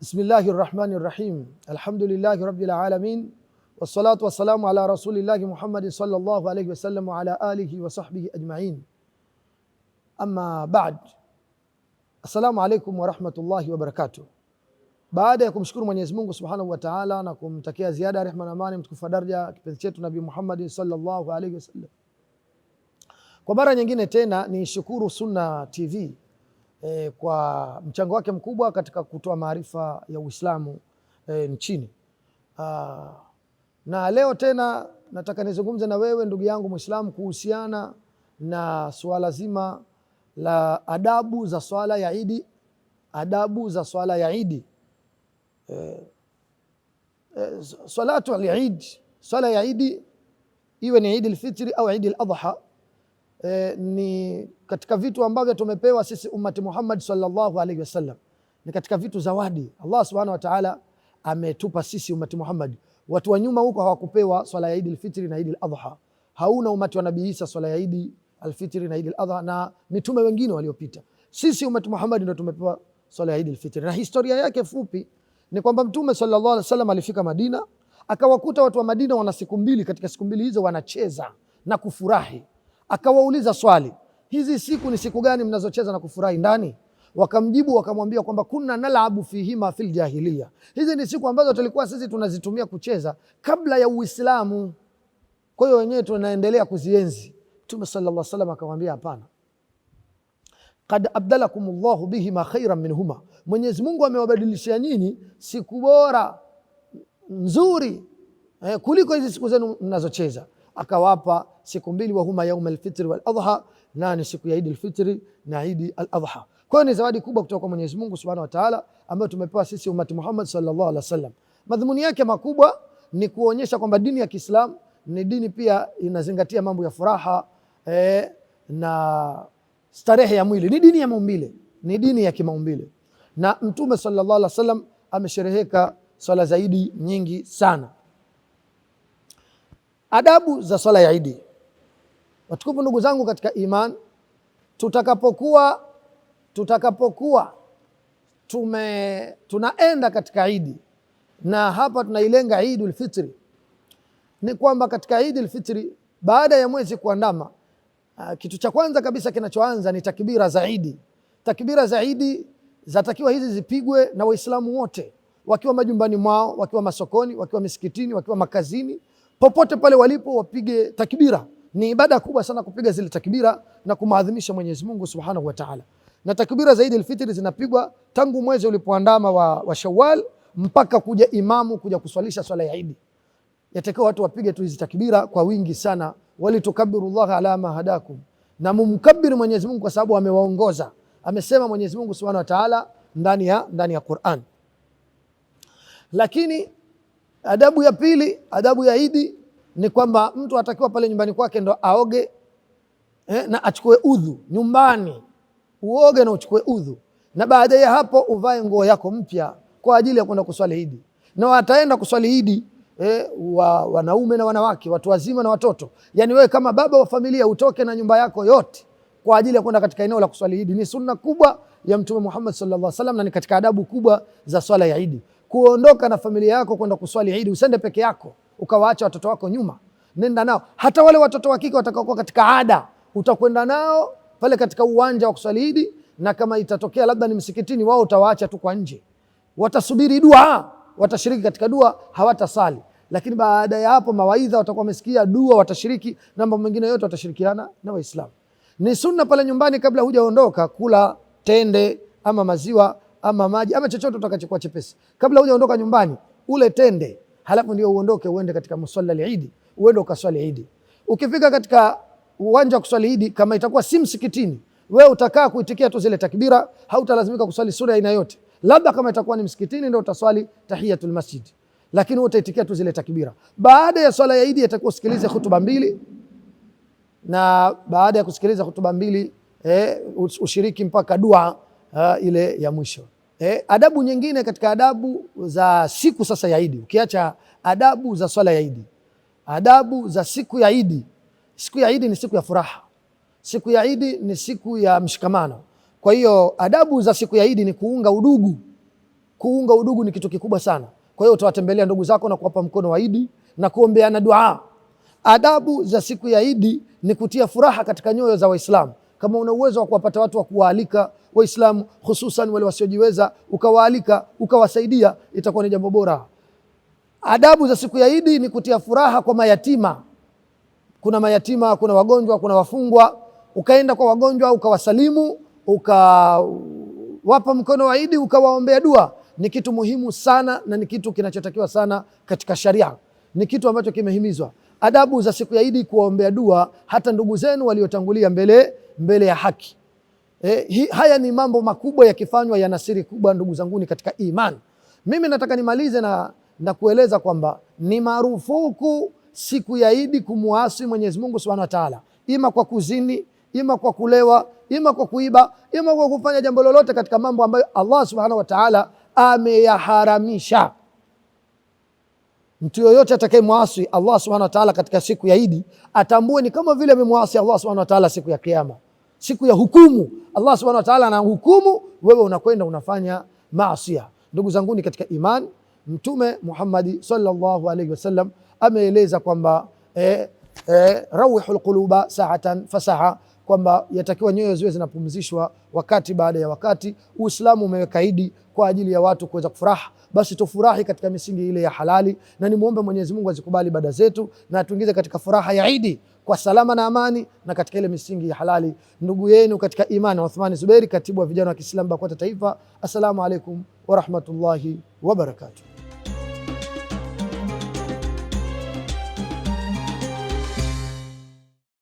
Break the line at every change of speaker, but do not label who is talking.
Bismillahi rahmani rahim, alhamdulillahi rabbil alamin, wassalatu wassalamu ala rasulillahi Muhammadin sallallahu alayhi wasallam wa ala alihi wa sahbihi ajmain, amma ba'd. Assalamu alaikum warahmatullahi wabarakatuh. Baada ya kumshukuru Mwenyezi Mungu subhanahu wa taala na kumtakia ziada rehma na amani mtukufu wa daraja kipenzi chetu Nabii Muhammadin sallallahu alayhi wasallam, kwa mara nyingine tena ni shukuru Sunna TV e, kwa mchango wake mkubwa katika kutoa maarifa ya Uislamu e, nchini. Aa, na leo tena nataka nizungumze na wewe ndugu yangu Mwislamu kuhusiana na suala zima la adabu za swala ya Idi, adabu za swala ya Idi e, e, salatu al swala ya Idi iwe ni idi al-Fitri au idi al-Adha e, ni katika vitu ambavyo tumepewa sisi ummati Muhammad sallallahu alaihi wasallam, ni katika vitu zawadi Allah subhanahu wa ta'ala ametupa sisi ummati Muhammad. Watu wa nyuma huko hawakupewa swala ya Eid fitri na Eid adha Hauna ummati wa Nabii Isa swala ya Eid al na Eid adha na mitume wengine waliopita. Sisi ummati Muhammad ndio tumepewa swala ya Eid fitri na historia yake fupi ni kwamba Mtume sallallahu alaihi wasallam alifika Madina, akawakuta watu wa Madina wana siku mbili. Katika siku mbili hizo wanacheza na kufurahi akawauliza swali, hizi siku ni siku gani mnazocheza na kufurahi ndani? Wakamjibu wakamwambia kwamba kunna nalabu fihima fil jahiliya, hizi ni siku ambazo tulikuwa sisi tunazitumia kucheza kabla ya Uislamu, kwa hiyo wenyewe tunaendelea kuzienzi. Mtume sallallahu alaihi wasallam akamwambia hapana, kad abdalakum llahu bihima khairan minhuma, Mwenyezi Mungu amewabadilishia nyinyi siku bora nzuri eh, kuliko hizi siku zenu mnazocheza. Akawapa siku mbili, wahuma yauma lfitri wal adha, na ni siku ya idi lfitri na idi al adha. Kwa hiyo ni zawadi kubwa kutoka kwa Mwenyezi Mungu Subhanahu wa Ta'ala ambayo tumepewa sisi umati Muhammad sallallahu alaihi wasallam. Madhumuni yake makubwa ni kuonyesha kwamba dini ya Kiislamu ni dini pia inazingatia mambo ya furaha eh, na starehe ya mwili. Ni dini ya maumbile, ni dini ya kimaumbile, na Mtume sallallahu alaihi wasallam ameshereheka swala zaidi nyingi sana. Adabu za swala ya Idi. Watukufu ndugu zangu katika iman, tutakapokuwa tutakapokuwa tume tunaenda katika Idi na hapa tunailenga idi Fitri, ni kwamba katika idi Fitri baada ya mwezi kuandama, ah, kitu cha kwanza kabisa kinachoanza ni takbira za Idi. Takbira za Idi zatakiwa hizi zipigwe na Waislamu wote wakiwa majumbani mwao, wakiwa masokoni, wakiwa misikitini, wakiwa makazini, popote pale walipo wapige takbira ni ibada kubwa sana kupiga zile takbira na kumaadhimisha Mwenyezi Mungu Subhanahu wa Ta'ala. Na takbira za Eid al-Fitr zinapigwa tangu mwezi ulipoandama wa, wa Shawwal mpaka kuja imamu kuja kuswalisha swala ya Eid. Yatakiwa watu wapige tu hizi takbira kwa wingi sana, Allah ala ma hadakum, na mumkabbiru Mwenyezi Mungu kwa sababu amewaongoza. Amesema Mwenyezi Mungu Subhanahu wa Ta'ala ndani ya ndani ya Qur'an. Lakini adabu ya pili, adabu ya Eid ni kwamba mtu atakiwa pale nyumbani kwake ndo aoge eh, na achukue udhu nyumbani, uoge na uchukue udhu, na baada ya hapo uvae nguo yako mpya kwa ajili ya kwenda kuswali Idi, na wataenda kuswali Idi eh, wa, wanaume na wanawake, watu wazima na watoto. Yani wewe kama baba wa familia utoke na nyumba yako yote kwa ajili ya kwenda katika eneo la kuswali Idi. Ni sunna kubwa ya Mtume Muhammad sallallahu alaihi wasallam, na ni katika adabu kubwa za swala ya Idi kuondoka na familia yako kwenda kuswali Idi. Usende peke yako ukawaacha watoto wako nyuma, nenda nao. Hata wale watoto wa kike watakaokuwa katika ada, utakwenda nao pale katika uwanja wa kuswali na kama itatokea labda ni msikitini, wao utawaacha tu kwa nje, watasubiri dua, watashiriki katika dua, hawatasali lakini baada ya hapo mawaidha watakuwa wamesikia, dua watashiriki, na mambo mengine yote watashirikiana na Waislamu. Ni sunna pale nyumbani, kabla hujaondoka, kula tende ama maziwa ama maji ama chochote utakachokuwa chepesi. Kabla hujaondoka nyumbani, ule tende halafu ndio uondoke uende katika musalla al-Eid, uende ukaswali Eid. Ukifika katika uwanja wa kuswali Eid, kama itakuwa si msikitini, wewe utakaa kuitikia tu zile takbira, hautalazimika kuswali sura aina yote. Labda kama itakuwa ni msikitini, ndio utaswali tahiyatul masjid, lakini utaitikia tu zile takbira. Baada ya swala ya Eid itakuwa usikilize hutuba mbili, na baada ya kusikiliza hutuba mbili eh, ushiriki mpaka dua uh, ile ya mwisho. Eh, adabu nyingine katika adabu za siku sasa ya Idi, ukiacha adabu za swala ya Idi, adabu za siku ya Idi. Siku ya Idi ni siku ya furaha, siku ya Idi ni siku ya mshikamano. Kwa hiyo adabu za siku ya Idi ni kuunga udugu. Kuunga udugu ni kitu kikubwa sana. Kwa hiyo utawatembelea ndugu zako na kuwapa mkono wa Idi na kuombeana dua. Adabu za siku ya Idi ni kutia furaha katika nyoyo za Waislamu. Kama una uwezo wa kuwapata watu wa kuwaalika Waislamu, hususan wale wasiojiweza, ukawaalika ukawasaidia, itakuwa ni jambo bora. Adabu za siku ya Idi ni kutia furaha kwa mayatima. Kuna mayatima, kuna wagonjwa, kuna wafungwa. Ukaenda kwa wagonjwa ukawasalimu, ukawapa mkono wa Idi, ukawaombea dua, ni kitu muhimu sana na ni kitu kinachotakiwa sana katika sharia, ni kitu ambacho kimehimizwa. Adabu za siku ya Idi kuwaombea dua hata ndugu zenu waliotangulia mbele mbele ya haki. E, hi, haya ni mambo makubwa yakifanywa yana siri kubwa ndugu zanguni katika imani. Mimi nataka nimalize na, na kueleza kwamba ni marufuku siku ya Idi kumuasi Mwenyezi Mungu Subhanahu wa Ta'ala, ima kwa kuzini, ima kwa kulewa, ima kwa kuiba, ima kwa kufanya jambo lolote katika mambo ambayo Allah Subhanahu wa Ta'ala ameyaharamisha. Mtu yoyote muasi Allah Subhanahu wa Ta'ala katika siku ya Idi atambue ni kama vile amemwasi Allah Subhanahu wa Ta'ala siku ya Kiyama siku ya hukumu, Allah subhanahu wa ta'ala anahukumu, wewe unakwenda unafanya maasia. Ndugu zanguni katika imani, Mtume Muhammad sallallahu alaihi wasallam ameeleza kwamba eh, eh, rawihul quluba sa'atan fasaha kwamba yatakiwa nyoyo ziwe zinapumzishwa wakati baada ya wakati. Uislamu umeweka idi kwa ajili ya watu kuweza kufuraha, basi tufurahi katika misingi ile ya halali, na nimwombe Mwenyezi Mungu azikubali ibada zetu na atuingize katika furaha ya idi kwa salama na amani na katika ile misingi ya halali. Ndugu yenu katika imani Uthmani Zuberi, katibu wa vijana wa Kiislamu BAKWATA Taifa. Assalamu alaikum warahmatullahi wabarakatuh.